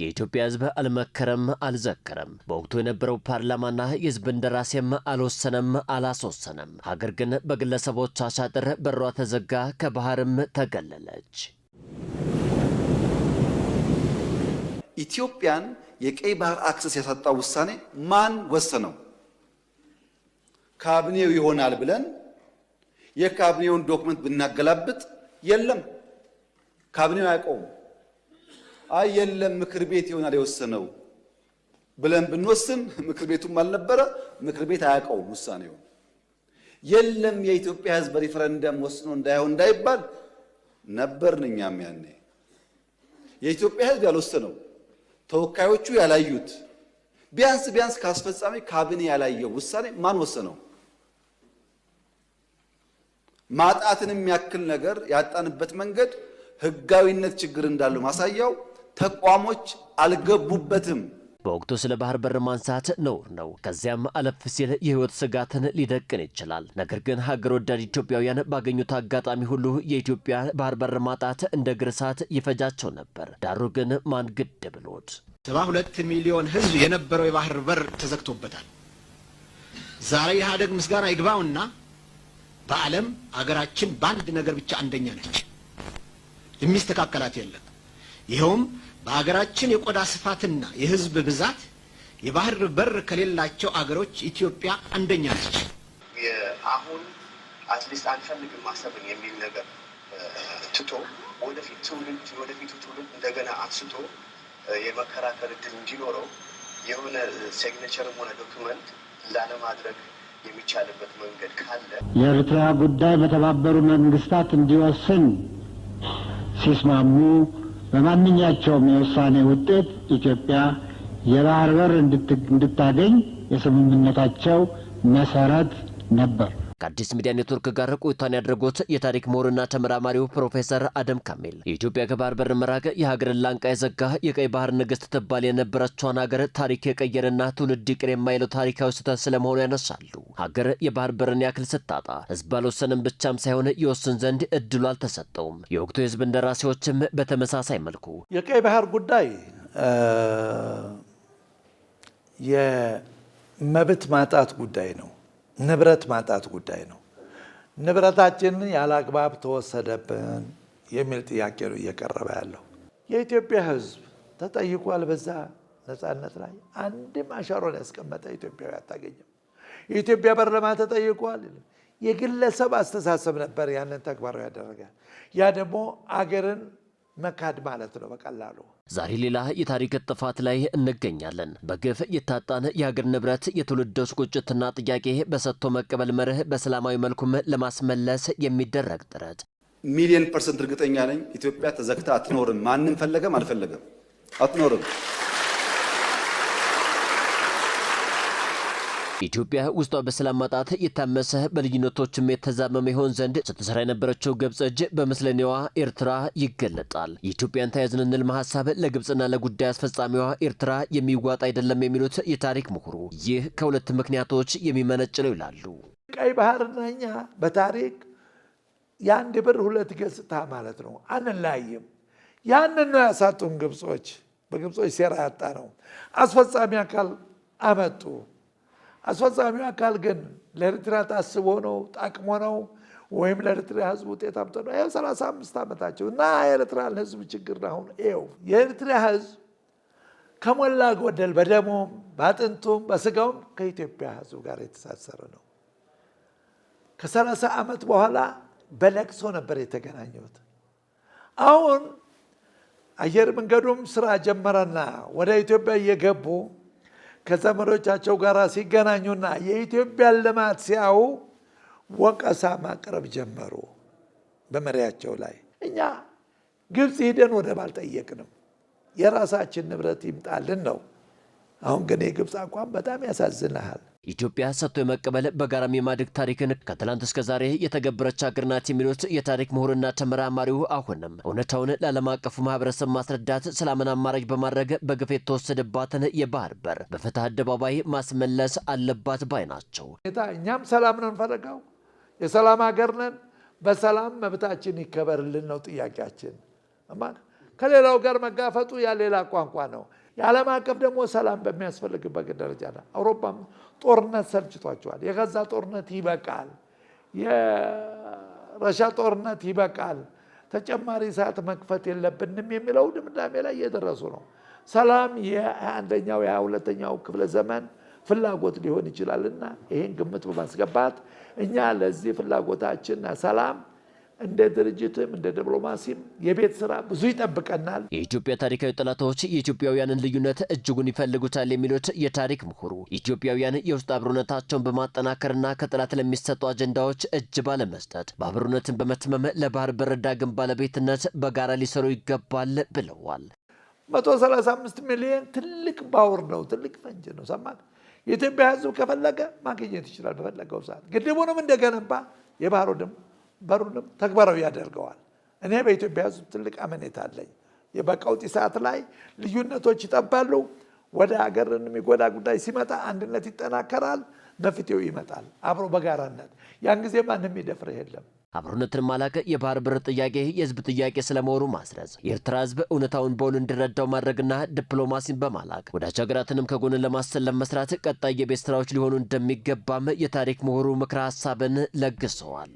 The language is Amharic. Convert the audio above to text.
የኢትዮጵያ ሕዝብ አልመከረም፣ አልዘከረም። በወቅቱ የነበረው ፓርላማና የሕዝብ እንደራሴም አልወሰነም፣ አላስወሰነም። ሀገር ግን በግለሰቦች አሻጥር በሯ ተዘጋ፣ ከባህርም ተገለለች። ኢትዮጵያን የቀይ ባህር አክሰስ ያሳጣው ውሳኔ ማን ወሰነው? ካቢኔው ይሆናል ብለን የካቢኔውን ዶክመንት ብናገላብጥ የለም፣ ካቢኔው አያውቀውም። አይ የለም ምክር ቤት ይሆናል የወሰነው ብለን ብንወስን ምክር ቤቱም አልነበረ፣ ምክር ቤት አያውቀውም ውሳኔው የለም የኢትዮጵያ ሕዝብ በሪፈረንደም ወስኖ እንዳይሆን እንዳይባል ነበርን እኛም ያኔ። የኢትዮጵያ ሕዝብ ያልወሰነው ተወካዮቹ ያላዩት ቢያንስ ቢያንስ ከአስፈጻሚ ካቢኔ ያላየው ውሳኔ ማን ወሰነው? ማጣትንም ያክል ነገር ያጣንበት መንገድ ህጋዊነት ችግር እንዳለው ማሳያው ተቋሞች አልገቡበትም። በወቅቱ ስለ ባህር በር ማንሳት ነውር ነው። ከዚያም አለፍ ሲል የህይወት ስጋትን ሊደቅን ይችላል። ነገር ግን ሀገር ወዳድ ኢትዮጵያውያን ባገኙት አጋጣሚ ሁሉ የኢትዮጵያ ባህር በር ማጣት እንደ ግርሳት ይፈጃቸው ነበር። ዳሩ ግን ማን ግድ ብሎት ሰባ ሁለት ሚሊዮን ህዝብ የነበረው የባህር በር ተዘግቶበታል። ዛሬ ኢህአደግ ምስጋና ይግባውና በዓለም አገራችን በአንድ ነገር ብቻ አንደኛ ነች። የሚስተካከላት የለም። ይኸውም በአገራችን የቆዳ ስፋትና የህዝብ ብዛት የባህር በር ከሌላቸው አገሮች ኢትዮጵያ አንደኛ ነች። አሁን አትሊስት አንፈልግም ማሰብን የሚል ነገር ትቶ ወደፊት ትውልድ ወደፊቱ ትውልድ እንደገና አንስቶ የመከራከር እድል እንዲኖረው የሆነ ሴግኔቸርም ሆነ ዶክመንት ላለማድረግ የሚቻልበት መንገድ ካለ የኤርትራ ጉዳይ በተባበሩ መንግስታት እንዲወስን ሲስማሙ በማንኛቸውም የውሳኔ ውጤት ኢትዮጵያ የባህር በር እንድታገኝ የስምምነታቸው መሰረት ነበር። ከአዲስ ሚዲያ ኔትወርክ ጋር ቆይታን ያደረጉት የታሪክ ምሁርና ተመራማሪው ፕሮፌሰር አደም ካሚል የኢትዮጵያ ከባህር በር መራቅ የሀገርን ላንቃ የዘጋ የቀይ ባህር ንግስት ትባል የነበረችውን ሀገር ታሪክ የቀየረና ትውልድ ይቅር የማይለው ታሪካዊ ስህተት ስለመሆኑ ያነሳሉ። ሀገር የባህር በርን ያክል ስታጣ ህዝብ አልወሰንም ብቻም ሳይሆን የወስን ዘንድ እድሉ አልተሰጠውም። የወቅቱ የህዝብ እንደራሴዎችም በተመሳሳይ መልኩ የቀይ ባህር ጉዳይ የመብት ማጣት ጉዳይ ነው። ንብረት ማጣት ጉዳይ ነው። ንብረታችን ያለ አግባብ ተወሰደብን የሚል ጥያቄ ነው እየቀረበ ያለው። የኢትዮጵያ ሕዝብ ተጠይቋል። በዛ ነፃነት ላይ አንድም አሻሮን ያስቀመጠ ኢትዮጵያዊ አታገኝም። የኢትዮጵያ ፓርላማ ተጠይቋል። የግለሰብ አስተሳሰብ ነበር ያንን ተግባራዊ ያደረጋል። ያ ደግሞ አገርን መካድ ማለት ነው በቀላሉ። ዛሬ ሌላ የታሪክ ጥፋት ላይ እንገኛለን። በግፍ የታጣን የሀገር ንብረት የትውልዶች ቁጭትና ጥያቄ በሰጥቶ መቀበል መርህ በሰላማዊ መልኩም ለማስመለስ የሚደረግ ጥረት ሚሊዮን ፐርሰንት እርግጠኛ ነኝ ኢትዮጵያ ተዘግታ አትኖርም። ማንም ፈለገም አልፈለገም አትኖርም። ኢትዮጵያ ውስጧ በሰላም ማጣት የታመሰ በልዩነቶችም የተዛመመ ይሆን ዘንድ ስትሰራ የነበረችው ግብጽ እጅ በመስለኔዋ ኤርትራ ይገለጣል። የኢትዮጵያን ተያዝን እንልም ሀሳብ ለግብጽና ለጉዳይ አስፈጻሚዋ ኤርትራ የሚዋጥ አይደለም የሚሉት የታሪክ ምሁሩ ይህ ከሁለት ምክንያቶች የሚመነጭ ነው ይላሉ። ቀይ ባህርና እኛ በታሪክ የአንድ ብር ሁለት ገጽታ ማለት ነው። አንላይም። ያንን ነው ያሳጡን ግብጾች። በግብጾች ሴራ ያጣ ነው አስፈጻሚ አካል አመጡ። አስፈጻሚው አካል ግን ለኤርትራ ታስቦ ነው ጠቅሞ ነው ወይም ለኤርትራ ህዝብ ውጤት አምጥቶ ነው? ይኸው ሰላሳ ዓመታቸው እና የኤርትራን ሕዝብ ችግር አሁን ይኸው የኤርትራ ህዝብ ከሞላ ጎደል በደሙም በአጥንቱም በስጋውም ከኢትዮጵያ ህዝብ ጋር የተሳሰረ ነው። ከሰላሳ ዓመት በኋላ በለቅሶ ነበር የተገናኘሁት። አሁን አየር መንገዱም ስራ ጀመረና ወደ ኢትዮጵያ እየገቡ ከዘመዶቻቸው ጋር ሲገናኙና የኢትዮጵያን ልማት ሲያዩ ወቀሳ ማቅረብ ጀመሩ በመሪያቸው ላይ። እኛ ግብፅ ሂደን ወደብ አልጠየቅንም፣ የራሳችን ንብረት ይምጣልን ነው። አሁን ግን የግብፅ አቋም በጣም ያሳዝናሃል። ኢትዮጵያ ሰጥቶ የመቀበል በጋራም የማደግ ታሪክን ከትላንት እስከ ዛሬ የተገበረች ሀገር ናት የሚሉት የታሪክ ምሁርና ተመራማሪው አሁንም እውነታውን ለዓለም አቀፉ ማህበረሰብ ማስረዳት ሰላምን አማራጭ በማድረግ በግፍ የተወሰደባትን የባህር በር በፍትህ አደባባይ ማስመለስ አለባት ባይ ናቸው። እኛም ሰላም ነው እንፈልገው፣ የሰላም ሀገር ነን፣ በሰላም መብታችን ይከበርልን ነው ጥያቄያችን። ከሌላው ጋር መጋፈጡ ያ ሌላ ቋንቋ ነው። የዓለም አቀፍ ደግሞ ሰላም በሚያስፈልግበት ደረጃ ነው። አውሮፓም ጦርነት ሰልችቷቸዋል። የጋዛ ጦርነት ይበቃል፣ የረሻ ጦርነት ይበቃል፣ ተጨማሪ ሰዓት መክፈት የለብንም የሚለው ድምዳሜ ላይ እየደረሱ ነው። ሰላም የአንደኛው የሁለተኛው ክፍለ ዘመን ፍላጎት ሊሆን ይችላልና ይህን ግምት በማስገባት እኛ ለዚህ ፍላጎታችን ሰላም እንደ ድርጅትም እንደ ዲፕሎማሲም የቤት ስራ ብዙ ይጠብቀናል። የኢትዮጵያ ታሪካዊ ጠላቶች የኢትዮጵያውያንን ልዩነት እጅጉን ይፈልጉታል የሚሉት የታሪክ ምሁሩ ኢትዮጵያውያን የውስጥ አብሮነታቸውን በማጠናከርና ከጠላት ለሚሰጡ አጀንዳዎች እጅ ባለመስጠት በአብሮነትን በመትመም ለባህር በር ዳግም ባለቤትነት በጋራ ሊሰሩ ይገባል ብለዋል። 135 ሚሊዮን ትልቅ ባውር ነው፣ ትልቅ ፈንጅ ነው። ሰማ የኢትዮጵያ ህዝብ ከፈለገ ማግኘት ይችላል። በፈለገው ሰዓት ግድቡንም እንደገነባ የባህሩ በሩንም ተግባራዊ ያደርገዋል። እኔ በኢትዮጵያ ሕዝብ ትልቅ አመኔታ አለኝ። በቀውጢ ሰዓት ላይ ልዩነቶች ይጠባሉ። ወደ ሀገርን የሚጎዳ ጉዳይ ሲመጣ አንድነት ይጠናከራል፣ መፍትሄው ይመጣል። አብሮ በጋራነት ያን ጊዜ ማንም ይደፍር የለም። አብሮነትን ማላቅ የባህር በር ጥያቄ የህዝብ ጥያቄ ስለመሆኑ ማስረጽ የኤርትራ ህዝብ እውነታውን በውል እንዲረዳው ማድረግና ዲፕሎማሲን በማላቅ ወዳጅ ሀገራትንም ከጎን ለማሰለም መስራት ቀጣይ የቤት ስራዎች ሊሆኑ እንደሚገባም የታሪክ ምሁሩ ምክረ ሀሳብን ለግሰዋል።